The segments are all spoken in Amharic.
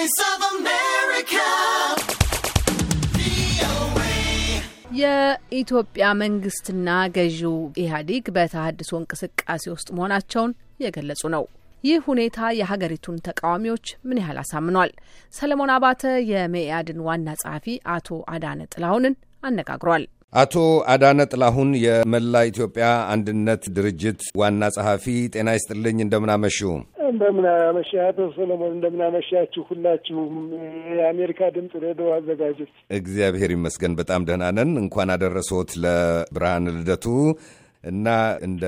Voice የኢትዮጵያ መንግስትና ገዢው ኢህአዴግ በተሀድሶ እንቅስቃሴ ውስጥ መሆናቸውን የገለጹ ነው። ይህ ሁኔታ የሀገሪቱን ተቃዋሚዎች ምን ያህል አሳምኗል? ሰለሞን አባተ የመኢአድን ዋና ጸሐፊ አቶ አዳነ ጥላሁንን አነጋግሯል። አቶ አዳነ ጥላሁን የመላ ኢትዮጵያ አንድነት ድርጅት ዋና ጸሐፊ፣ ጤና ይስጥልኝ። እንደምናመሽው እንደምን አመሻ ሰለሞን፣ እንደምን አመሻችሁ ሁላችሁም የአሜሪካ ድምፅ ሬዲዮ አዘጋጆች። እግዚአብሔር ይመስገን በጣም ደህና ነን። እንኳን አደረሶት ለብርሃን ልደቱ እና እንደ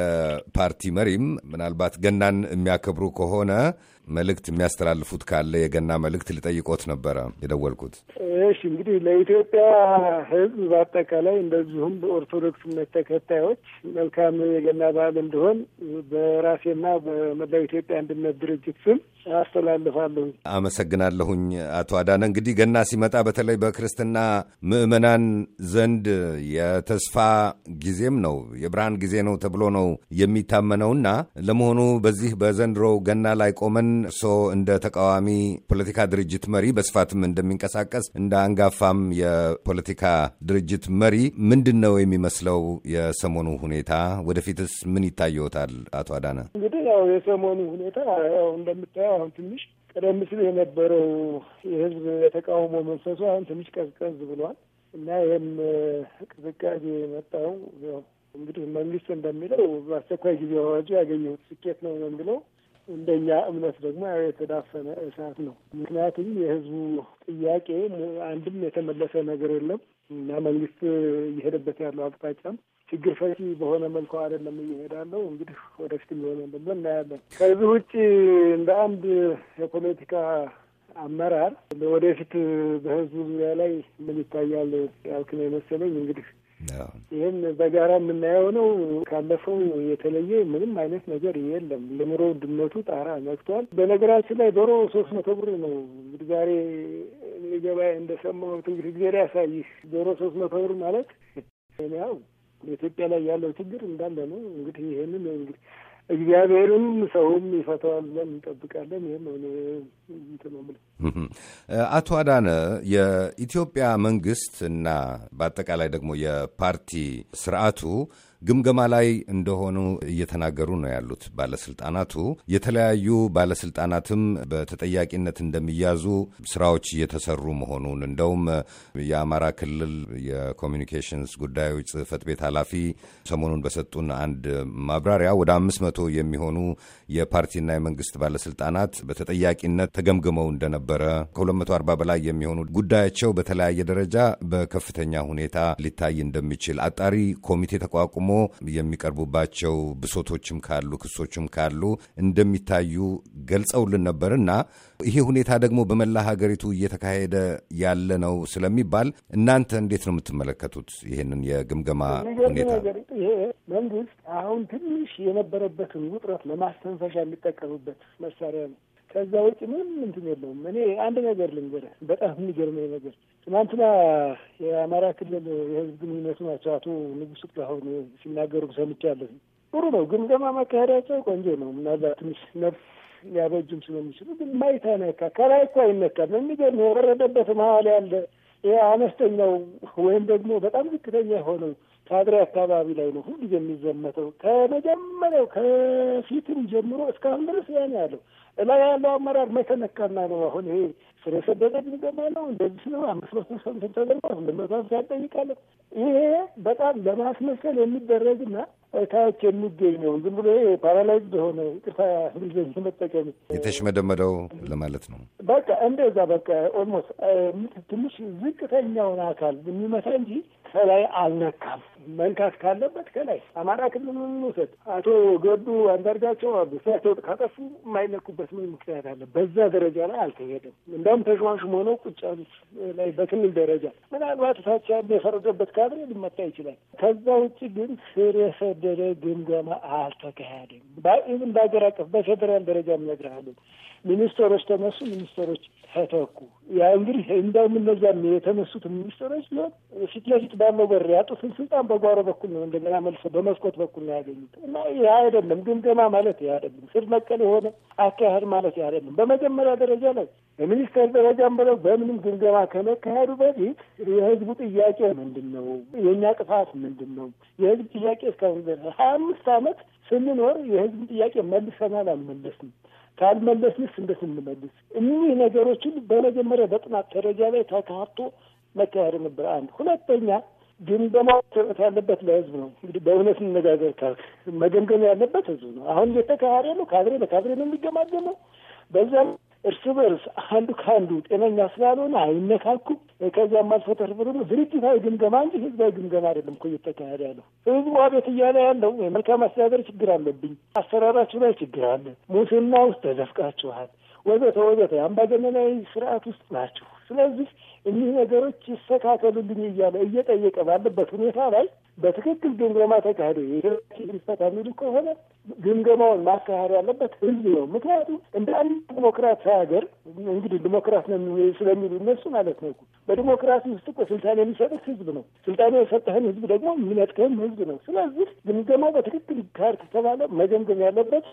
ፓርቲ መሪም ምናልባት ገናን የሚያከብሩ ከሆነ መልእክት የሚያስተላልፉት ካለ የገና መልእክት ልጠይቆት ነበረ የደወልኩት። እሺ እንግዲህ ለኢትዮጵያ ሕዝብ በአጠቃላይ እንደዚሁም በኦርቶዶክስ እምነት ተከታዮች መልካም የገና በዓል እንዲሆን በራሴና በመላው ኢትዮጵያ አንድነት ድርጅት ስም አስተላልፋለሁ። አመሰግናለሁኝ አቶ አዳነ። እንግዲህ ገና ሲመጣ በተለይ በክርስትና ምዕመናን ዘንድ የተስፋ ጊዜም ነው የብርሃን ጊዜ ነው ተብሎ ነው የሚታመነውና ለመሆኑ በዚህ በዘንድሮ ገና ላይ ቆመን እርስዎ እንደ ተቃዋሚ ፖለቲካ ድርጅት መሪ በስፋትም እንደሚንቀሳቀስ እንደ አንጋፋም የፖለቲካ ድርጅት መሪ ምንድን ነው የሚመስለው የሰሞኑ ሁኔታ? ወደፊትስ ምን ይታየዎታል? አቶ አዳነ፣ እንግዲህ ያው የሰሞኑ ሁኔታ ያው እንደምታየው አሁን ትንሽ ቀደም ሲል የነበረው የህዝብ የተቃውሞ መንፈሱ አሁን ትንሽ ቀዝቀዝ ብሏል እና ይህም ቅዝቃዜ የመጣው እንግዲህ መንግስት እንደሚለው በአስቸኳይ ጊዜ አዋጁ ያገኘሁት ስኬት ነው ነው የሚለው እንደኛ እምነት ደግሞ ያው የተዳፈነ እሳት ነው። ምክንያቱም የህዝቡ ጥያቄ አንድም የተመለሰ ነገር የለም እና መንግስት እየሄደበት ያለው አቅጣጫም ችግር ፈቺ በሆነ መልኩ አይደለም እየሄዳለው። እንግዲህ ወደፊት የሚሆነ እንደለ እናያለን። ከዚህ ውጭ እንደ አንድ የፖለቲካ አመራር ወደፊት በህዝቡ ዙሪያ ላይ ምን ይታያል ያልክን የመሰለኝ እንግዲህ ይህን በጋራ የምናየው ነው። ካለፈው የተለየ ምንም አይነት ነገር የለም። የኑሮ ውድነቱ ጣራ ነክቷል። በነገራችን ላይ ዶሮ ሶስት መቶ ብር ነው። እንግዲህ ዛሬ ገበያ እንደሰማሁት እንግዲህ እግዜር ያሳይህ። ዶሮ ሶስት መቶ ብር ማለት ያው በኢትዮጵያ ላይ ያለው ችግር እንዳለ ነው። እንግዲህ ይህንን እንግዲህ እግዚአብሔርም ሰውም ይፈተዋል ብለን እንጠብቃለን። ይህም አቶ አዳነ የኢትዮጵያ መንግስት እና በአጠቃላይ ደግሞ የፓርቲ ስርዓቱ ግምገማ ላይ እንደሆኑ እየተናገሩ ነው ያሉት ባለስልጣናቱ። የተለያዩ ባለስልጣናትም በተጠያቂነት እንደሚያዙ ስራዎች እየተሰሩ መሆኑን እንደውም የአማራ ክልል የኮሚኒኬሽንስ ጉዳዮች ጽህፈት ቤት ኃላፊ ሰሞኑን በሰጡን አንድ ማብራሪያ ወደ አምስት መቶ የሚሆኑ የፓርቲና የመንግስት ባለስልጣናት በተጠያቂነት ተገምግመው እንደነበረ ከ240 በላይ የሚሆኑ ጉዳያቸው በተለያየ ደረጃ በከፍተኛ ሁኔታ ሊታይ እንደሚችል አጣሪ ኮሚቴ ተቋቁሞ የሚቀርቡባቸው ብሶቶችም ካሉ ክሶችም ካሉ እንደሚታዩ ገልጸውልን ነበር እና ይሄ ሁኔታ ደግሞ በመላ ሀገሪቱ እየተካሄደ ያለ ነው ስለሚባል እናንተ እንዴት ነው የምትመለከቱት ይህንን የግምገማ ሁኔታ? መንግስት አሁን ትንሽ የነበረበትን ውጥረት ለማስተንፈሻ የሚጠቀምበት መሳሪያ ነው። ከዛ ውጭ ምንም እንትን የለውም። እኔ አንድ ነገር ልንገርህ፣ በጣም የሚገርመኝ ነገር ትናንትና የአማራ ክልል የህዝብ ግንኙነቱ ናቸው አቶ ንጉሱ ጥላሁን ሲናገሩ ሰምቻለሁ። ጥሩ ነው፣ ግምገማ ማካሄዳቸው ቆንጆ ነው። ምናልባት ትንሽ ነፍስ ሊያበጅም ስለሚችሉ ግን ማይታነካ ከላይ እኮ አይነካም። የሚገርም የወረደበት መሀል ያለ አነስተኛው ወይም ደግሞ በጣም ዝቅተኛ የሆነው ካድሬ አካባቢ ላይ ነው ሁልጊዜ የሚዘመተው ከመጀመሪያው ከፊትም ጀምሮ እስካሁን ድረስ ያን ያለው እላይ ያለው አመራር መተነካና ነው። አሁን ይሄ ስር የሰደደ ድንገማ ነው። እንደዚህ ነው። አምስት መቶ ሰምትን ተደርጎ ሁለት መቶ ሀምሳ ያጠይቃለን። ይሄ በጣም ለማስመሰል የሚደረግና ታች የሚገኘው ዝም ብሎ ፓራላይዝ በሆነ ቅርታ እንግሊዝኛ መጠቀም የተሽመደመደው ለማለት ነው። በቃ እንደዛ በቃ ኦልሞስት ትንሽ ዝቅተኛውን አካል የሚመታ እንጂ ከላይ አልነካም። መንካት ካለበት ከላይ አማራ ክልል እንውሰድ። አቶ ገዱ አንዳርጋቸው እሳቸው ካጠፉ የማይነኩበት ምን ምክንያት አለ? በዛ ደረጃ ላይ አልተሄደም። እንዳውም ተሿምሹም ሆነው ቁጭ ያሉት ላይ በክልል ደረጃ ምናልባት ታች ያሉ የፈረደበት ካድሬ ሊመታ ይችላል። ከዛ ውጭ ግን ስር የሰደደ ግምገማ አልተካሄደም። ኢቭን በሀገር አቀፍ በፌዴራል ደረጃ እነግርሃለሁ ሚኒስትሮች ተነሱ፣ ሚኒስትሮች ተተኩ። ያ እንግዲህ እንደውም እነዚያም የተነሱት ሚኒስትሮች ሲሆን ፊት ለፊት ባለው በር ያጡትን ስልጣን በጓሮ በኩል ነው እንደገና መልሶ በመስኮት በኩል ነው ያገኙት እና ይህ አይደለም ግምገማ ማለት ይህ አይደለም። ስር ነቀል የሆነ አካሄድ ማለት ይህ አይደለም። በመጀመሪያ ደረጃ ላይ በሚኒስቴር ደረጃም ብለው በምንም ግምገማ ከመካሄዱ በፊት የህዝቡ ጥያቄ ምንድን ነው? የእኛ ጥፋት ምንድን ነው? የህዝብ ጥያቄ እስካሁን ሀያ አምስት አመት ስንኖር የህዝብን ጥያቄ መልሰናል አልመለስም። ካልመለስንስ እንደት እንመልስ? እኒህ ነገሮችን በመጀመሪያ በጥናት ደረጃ ላይ ተካቶ መካሄድ ነበር። አንድ ሁለተኛ ግምገማው መሰጠት ያለበት ለህዝብ ነው። እንግዲህ በእውነት እንነጋገር፣ መገምገም ያለበት ህዝብ ነው። አሁን እየተካሄደ ነው። ካድሬ በካድሬ ነው የሚገማገመው። በዛም እርስ በርስ አንዱ ከአንዱ ጤነኛ ስላልሆነ አይነካኩም። ከዚያም አልፎ ተርፎ ደግሞ ድርጅታዊ ግምገማ እንጂ ህዝባዊ ግምገማ አይደለም እኮ እየተካሄደ ያለው። ህዝቡ አቤት እያለ ያለው የመልካም አስተዳደር ችግር አለብኝ፣ አሰራራችሁ ላይ ችግር አለ፣ ሙስና ውስጥ ተዘፍቃችኋል፣ ወዘተ ወዘተ፣ አምባገነናዊ ስርዓት ውስጥ ናችሁ። ስለዚህ እኒህ ነገሮች ይስተካከሉልኝ እያለ እየጠየቀ ባለበት ሁኔታ ላይ በትክክል ግምገማ ተካሂዶ ይፈታ የሚሉ ከሆነ ግምገማውን ማካሄድ ያለበት ህዝብ ነው። ምክንያቱም እንደ አንድ ዲሞክራት ሀገር እንግዲህ ዲሞክራት ስለሚሉ እነሱ ማለት ነው። በዲሞክራሲ ውስጥ እኮ ስልጣን የሚሰጥህ ህዝብ ነው። ስልጣን የሰጠህን ህዝብ ደግሞ የሚነጥቅህም ህዝብ ነው። ስለዚህ ግምገማው በትክክል ካር ከተባለ መገምገም ያለበት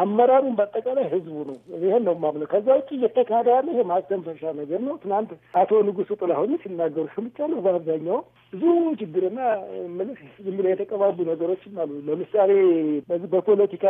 አመራሩን በአጠቃላይ ህዝቡ ነው። ይሄን ነው የማምነው። ከዛ ውጭ እየተካሄደ ያለ ይሄ ማስተንፈሻ ነገር ነው። ትናንት አቶ ንጉሱ ጥላሁን ሲናገሩ ሰምቻለሁ። በአብዛኛው ብዙ ችግርና ዝም ብለው የተቀባቡ ነገሮችም አሉ። ለምሳሌ በዚህ በፖለቲካ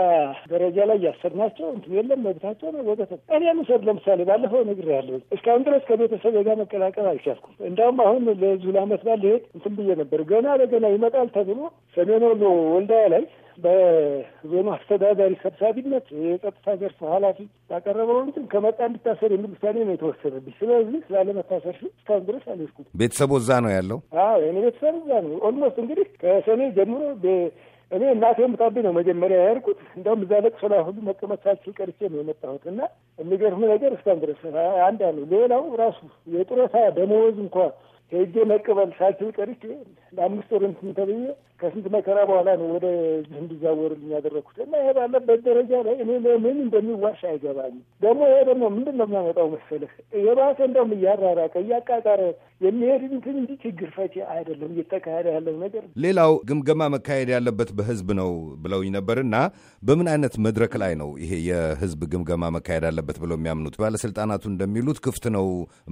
ደረጃ ላይ ያሰርናቸው እንትን የለም መብታቸው ነው ወዘተ። እኔ ምሰድ ለምሳሌ ባለፈው ንግር ያለው እስካሁን ድረስ ከቤተሰብ ጋር መቀላቀል አልቻልኩም። እንዳውም አሁን ለዙ ለአመት ባል ሄድ እንትን ብዬ ነበር። ገና ለገና ይመጣል ተብሎ ሰሜን ወሎ ወልዳያ ላይ በዞኑ አስተዳዳሪ ሰብሳቢነት የጸጥታ ዘርፍ ኃላፊ ያቀረበው እንትን ከመጣ እንድታሰር የሚል ውሳኔ ነው የተወሰነብኝ። ስለዚህ ስላለመታሰር እስካሁን ድረስ አልሄድኩም። ቤተሰቡ እዛ ነው ያለው። አዎ የእኔ ቤተሰብ እዛ ነው። ኦልሞስት እንግዲህ ከሰኔ ጀምሮ እኔ እናቴ ሙታብኝ ነው መጀመሪያ ያርቁት እንደውም እዛ ለቅሶ ላይ ሁሉ መቀመጫችሁ ቀርቼ ነው የመጣሁት እና የሚገርም ነገር እስካሁን ድረስ አንድ አሉ። ሌላው ራሱ የጡረታ ደመወዝ እንኳ ሄጄ መቀበል ሳልችል ቀርቼ ለአምስት ወር እንትን ተብዬ ከስንት መከራ በኋላ ነው ወደ እንዲዛወርልኝ ያደረግኩት እና ይሄ ባለበት ደረጃ ላይ እኔ ለምን እንደሚዋሽ አይገባኝም። ደግሞ ይሄ ደግሞ ምንድን ነው የሚያመጣው መሰልህ? የባሰ እንደውም እያራራቀ እያቃጣረ የሚሄድ እንትን እንጂ ችግር ፈቺ አይደለም እየተካሄደ ያለው ነገር። ሌላው ግምገማ መካሄድ ያለበት በህዝብ ነው ብለውኝ ነበር እና በምን አይነት መድረክ ላይ ነው ይሄ የህዝብ ግምገማ መካሄድ አለበት ብለው የሚያምኑት? ባለስልጣናቱ እንደሚሉት ክፍት ነው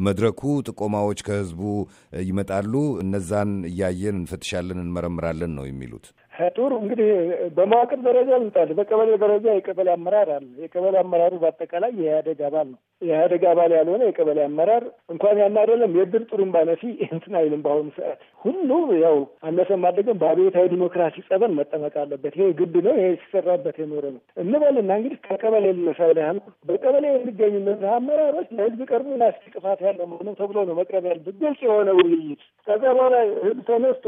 መድረኩ፣ ጥቆማዎች ከህዝቡ ይመጣሉ። እነዛን እያየን እንፈትሻለን፣ እንመረምራለን ነው የሚሉት። ጥሩ እንግዲህ በመዋቅር ደረጃ ይውጣል። በቀበሌ ደረጃ የቀበሌ አመራር አለ። የቀበሌ አመራሩ በአጠቃላይ የኢህአደግ አባል ነው። የኢህአደግ አባል ያልሆነ የቀበሌ አመራር እንኳን ያን አይደለም የድር ጥሩም ነፊ እንትን አይልም። በአሁኑ ሰዓት ሁሉ ያው አነሰም አደገም በአብዮታዊ ዲሞክራሲ ጸበል መጠመቅ አለበት። ይሄ ግድ ነው። ይሄ ሲሰራበት የኖረ ነው እንበልና እንግዲህ ከቀበሌ ልነሳ ይልል በቀበሌ የሚገኙ እነዚህ አመራሮች ለህዝብ ቀርቡ ናስቲ ቅፋት ያለው መሆኑም ተብሎ ነው መቅረብ ያለበት ግልጽ የሆነ ውይይት ከዛ በኋላ ህዝብ ተነስቶ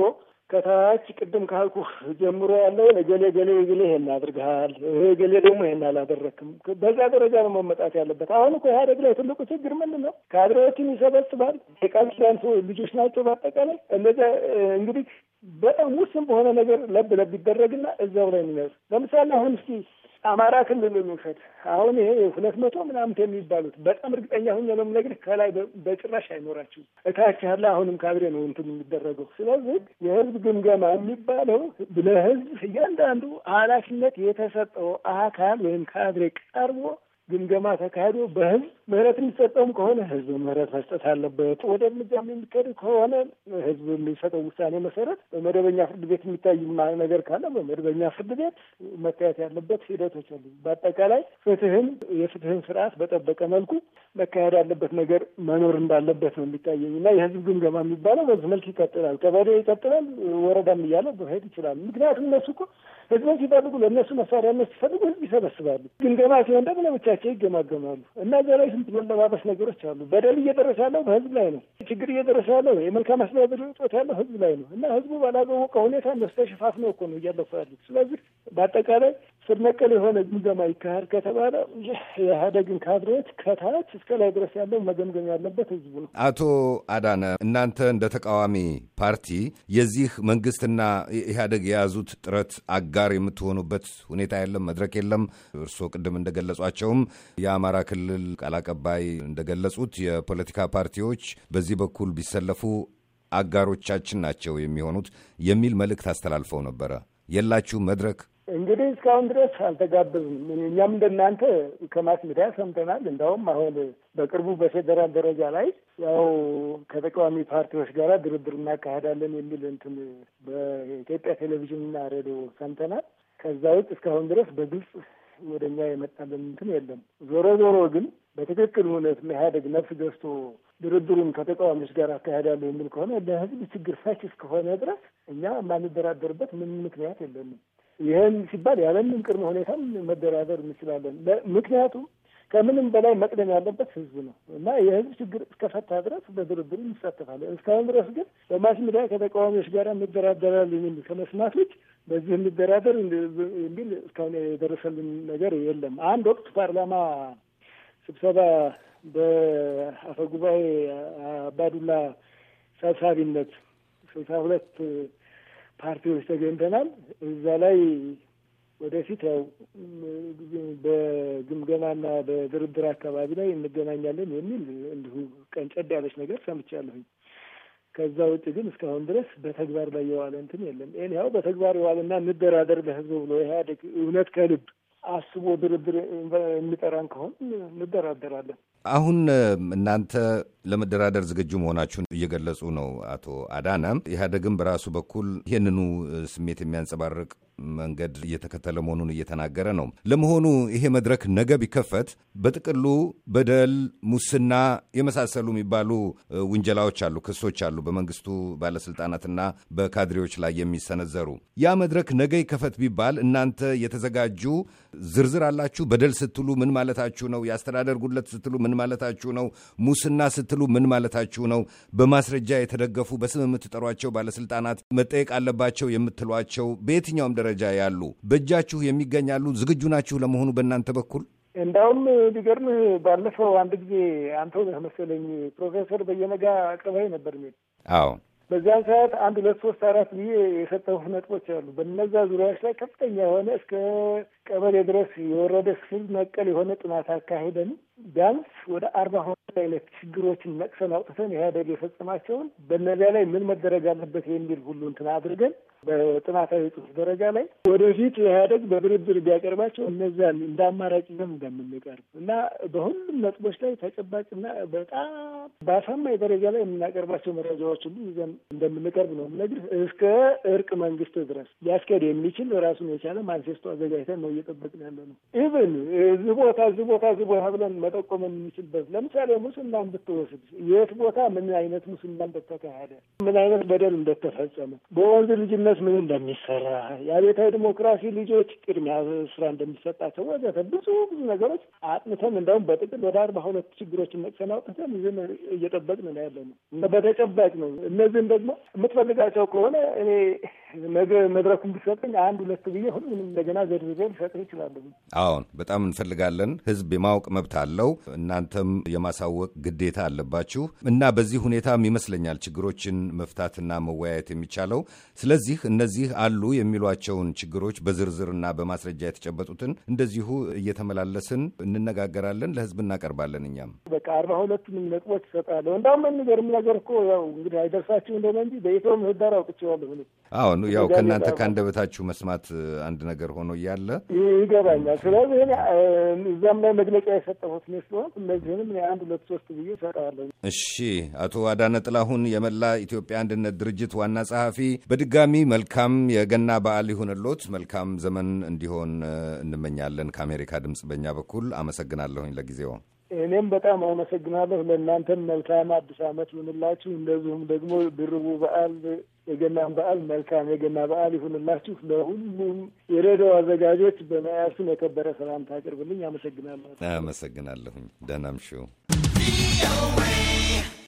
ከታች ቅድም ካልኩ ጀምሮ ያለው ለገሌ ገሌ ገሌ ይሄን አድርገሃል፣ ገሌ ደግሞ ይሄን አላደረክም። በዛ ደረጃ ነው መመጣት ያለበት። አሁን እኮ ኢህአዴግ ላይ ትልቁ ችግር ምንድን ነው? ካድሬዎችን ይሰበስባል። የቃልኪዳን ልጆች ናቸው። በአጠቃላይ እነዚያ እንግዲህ በጣም ውስን በሆነ ነገር ለብ ለብ ይደረግና እዛው ላይ የሚነሱ ለምሳሌ አሁን እስኪ አማራ ክልል ውሰድ። አሁን ይሄ ሁለት መቶ ምናምን የሚባሉት በጣም እርግጠኛ ሁኝ ለም ነግር ከላይ በጭራሽ አይኖራችሁም። እታች ያለ አሁንም ካብሬ ነው እንትን የሚደረገው። ስለዚህ የህዝብ ግምገማ የሚባለው ለህዝብ እያንዳንዱ ኃላፊነት የተሰጠው አካል ወይም ካብሬ ቀርቦ ግምገማ ተካሂዶ በህዝብ ምህረት የሚሰጠውም ከሆነ ህዝብ ምህረት መስጠት አለበት። ወደ እርምጃ የሚከድ ከሆነ ህዝብ የሚሰጠው ውሳኔ መሰረት በመደበኛ ፍርድ ቤት የሚታይ ነገር ካለ በመደበኛ ፍርድ ቤት መታየት ያለበት ሂደቶች አሉ። በአጠቃላይ ፍትህን የፍትህን ስርዓት በጠበቀ መልኩ መካሄድ ያለበት ነገር መኖር እንዳለበት ነው የሚታየኝ እና የህዝብ ግምገማ የሚባለው በዚህ መልክ ይቀጥላል። ቀበሌ ይቀጥላል፣ ወረዳም እያለ መሄድ ይችላል። ምክንያቱም እነሱ እኮ ህዝብን ሲፈልጉ ለእነሱ መሳሪያነት ሲፈልጉ ህዝብ ይሰበስባሉ። ግምገማ ሲሆን ደግሞ ለብቻቸው ይገማገማሉ እና ዘላይ የልምድ መለባበስ ነገሮች አሉ። በደል እየደረሰ ያለው በህዝብ ላይ ነው። ችግር እየደረሰ ያለው የመልካም አስተዳደር እጦት ያለው ህዝብ ላይ ነው እና ህዝቡ ባላገወቀ ሁኔታ ሽፋፍ ነው እኮ ነው እያለፉ ያሉት። ስለዚህ በአጠቃላይ ስር ነቀል የሆነ ግምገማ ይካሄድ ከተባለ የኢህአዴግን ካድሬዎች ከታች እስከ ላይ ድረስ ያለው መገምገም ያለበት ህዝቡ ነው። አቶ አዳነ፣ እናንተ እንደ ተቃዋሚ ፓርቲ የዚህ መንግስትና ኢህአደግ የያዙት ጥረት አጋር የምትሆኑበት ሁኔታ የለም? መድረክ የለም? እርስዎ ቅድም እንደገለጿቸውም የአማራ ክልል ቃል አቀባይ እንደገለጹት የፖለቲካ ፓርቲዎች በዚህ በኩል ቢሰለፉ አጋሮቻችን ናቸው የሚሆኑት የሚል መልእክት አስተላልፈው ነበረ። የላችሁ መድረክ እንግዲህ እስካሁን ድረስ አልተጋበዝም እኛም እንደናንተ ከማስ ሚዲያ ሰምተናል። እንደውም አሁን በቅርቡ በፌዴራል ደረጃ ላይ ያው ከተቃዋሚ ፓርቲዎች ጋር ድርድር እናካሄዳለን የሚል እንትን በኢትዮጵያ ቴሌቪዥንና ሬዲዮ ሰምተናል። ከዛ ውጭ እስካሁን ድረስ በግልጽ ወደ እኛ የመጣልን እንትን የለም። ዞሮ ዞሮ ግን በትክክል እውነት ኢህአዴግ ነፍስ ገዝቶ ድርድሩን ከተቃዋሚዎች ጋር አካሄዳለሁ የሚል ከሆነ ለህዝብ ችግር ፈች እስከሆነ ድረስ እኛ የማንደራደርበት ምን ምክንያት የለንም። ይህን ሲባል ያለምንም ቅድመ ሁኔታም መደራደር እንችላለን። ምክንያቱም ከምንም በላይ መቅደም ያለበት ህዝብ ነው እና የህዝብ ችግር እስከፈታ ድረስ በድርድር እንሳተፋለን። እስካሁን ድረስ ግን በማስ ሚዲያ ከተቃዋሚዎች ጋር እንደራደራለን የሚል ከመስማት ውጭ በዚህ እንደራደር የሚል እስካሁን የደረሰልን ነገር የለም። አንድ ወቅት ፓርላማ ስብሰባ በአፈ ጉባኤ አባዱላ ሰብሳቢነት ስልሳ ሁለት ፓርቲዎች ተገኝተናል። እዛ ላይ ወደፊት ያው በግምገማና በድርድር አካባቢ ላይ እንገናኛለን የሚል እንዲሁ ቀንጨድ ያለች ነገር ሰምቻለሁኝ። ከዛ ውጭ ግን እስካሁን ድረስ በተግባር ላይ የዋለ እንትን የለም። ያው በተግባር የዋለና እንደራደር ለህዝቡ ብሎ ኢህአዴግ እውነት ከልብ አስቦ ድርድር የሚጠራን ከሆን እንደራደራለን። አሁን እናንተ ለመደራደር ዝግጁ መሆናችሁን እየገለጹ ነው አቶ አዳና። ኢህአዴግም በራሱ በኩል ይህንኑ ስሜት የሚያንጸባርቅ መንገድ እየተከተለ መሆኑን እየተናገረ ነው። ለመሆኑ ይሄ መድረክ ነገ ቢከፈት በጥቅሉ በደል፣ ሙስና የመሳሰሉ የሚባሉ ውንጀላዎች አሉ፣ ክሶች አሉ በመንግስቱ ባለስልጣናትና በካድሬዎች ላይ የሚሰነዘሩ ያ መድረክ ነገ ይከፈት ቢባል እናንተ የተዘጋጁ ዝርዝር አላችሁ? በደል ስትሉ ምን ማለታችሁ ነው? የአስተዳደር ጉድለት ስትሉ ምን ማለታችሁ ነው? ሙስና ስትሉ ምን ማለታችሁ ነው? በማስረጃ የተደገፉ በስም የምትጠሯቸው ባለስልጣናት መጠየቅ አለባቸው የምትሏቸው በየትኛውም ደረጃ ደረጃ ያሉ በእጃችሁ የሚገኛሉ? ዝግጁ ናችሁ ለመሆኑ በእናንተ በኩል? እንዳውም ቢገርም ባለፈው አንድ ጊዜ አንተው መሰለኝ ፕሮፌሰር በየነጋ አቅርበህ ነበር ሚል አዎ በዚያን ሰዓት አንድ ሁለት ሶስት አራት ብዬ የሰጠሁ ነጥቦች አሉ። በነዛ ዙሪያዎች ላይ ከፍተኛ የሆነ እስከ ቀበሌ ድረስ የወረደ ስል መቀል የሆነ ጥናት አካሄደን ቢያንስ ወደ አርባ ሁለት አይነት ችግሮችን ነቅሰን አውጥተን ኢህአዴግ የፈጸማቸውን በእነዚያ ላይ ምን መደረግ አለበት የሚል ሁሉ እንትን አድርገን በጥናታዊ ጽሑፍ ደረጃ ላይ ወደፊት ኢህአዴግ በድርድር ቢያቀርባቸው እነዚያን እንደ አማራጭ ይዘን እንደምንቀርብ እና በሁሉም ነጥቦች ላይ ተጨባጭና በጣም በአሳማኝ ደረጃ ላይ የምናቀርባቸው መረጃዎች ሁሉ ይዘን እንደምንቀርብ ነው የምነግርህ። እስከ እርቅ መንግስት ድረስ ሊያስኬድ የሚችል ራሱን የቻለ ማንፌስቶ አዘጋጅተን ነው ነው እየጠበቅን ያለ ነው። ኢቨን እዚህ ቦታ እዚህ ቦታ እዚህ ቦታ ብለን መጠቆም የምንችልበት ለምሳሌ ሙስናን ብትወስድ የት ቦታ ምን አይነት ሙስና እንደተካሄደ፣ ምን አይነት በደል እንደተፈጸመ፣ በወንዝ ልጅነት ምን እንደሚሰራ፣ የአቤታዊ ዲሞክራሲ ልጆች ቅድሚያ ስራ እንደሚሰጣቸው ወዘተ ብዙ ብዙ ነገሮች አጥንተን እንደውም በጥቅል ወደ አርባ ሁለት ችግሮች ነቅሰን አውጥተን ይህን እየጠበቅን ነው ያለ ነው። በተጨባጭ ነው። እነዚህም ደግሞ የምትፈልጋቸው ከሆነ እኔ ነገ መድረኩን ብሰጠኝ አንድ ሁለት ብዬ ሁሉንም እንደገና ዘድርቤ ሊሰጡ ይችላሉ። አዎን በጣም እንፈልጋለን። ህዝብ የማወቅ መብት አለው፣ እናንተም የማሳወቅ ግዴታ አለባችሁ እና በዚህ ሁኔታም ይመስለኛል ችግሮችን መፍታትና መወያየት የሚቻለው። ስለዚህ እነዚህ አሉ የሚሏቸውን ችግሮች በዝርዝርና በማስረጃ የተጨበጡትን እንደዚሁ እየተመላለስን እንነጋገራለን፣ ለህዝብ እናቀርባለን። እኛም በቃ አርባ ሁለቱንም ነጥቦች ይሰጣለሁ። እንዳውም የሚገርም ነገር እኮ ያው እንግዲህ አይደርሳችሁ እንደሆነ እንጂ በኢትዮ ምህዳር አውቅቼዋለሁ። አሁን ያው ከእናንተ ከአንደበታችሁ መስማት አንድ ነገር ሆኖ እያለ ይገባኛል። ስለዚህ እዛም ላይ መግለጫ የሰጠሁት እኔ እነዚህንም አንድ ሁለት ሶስት ብዬ እሰጠዋለሁ። እሺ፣ አቶ አዳነ ጥላሁን የመላ ኢትዮጵያ አንድነት ድርጅት ዋና ጸሐፊ፣ በድጋሚ መልካም የገና በዓል ይሁንሎት፣ መልካም ዘመን እንዲሆን እንመኛለን። ከአሜሪካ ድምፅ በእኛ በኩል አመሰግናለሁኝ ለጊዜው። እኔም በጣም አመሰግናለሁ። ለእናንተም መልካም አዲስ ዓመት ይሁንላችሁ። እንደዚሁም ደግሞ ድርቡ በዓል የገናን በዓል መልካም የገና በዓል ይሁንላችሁ። ለሁሉም የሬዲዮ አዘጋጆች በመያሱ የከበረ ሰላምታ አቅርብልኝ። አመሰግናለሁ። አመሰግናለሁኝ። ደህና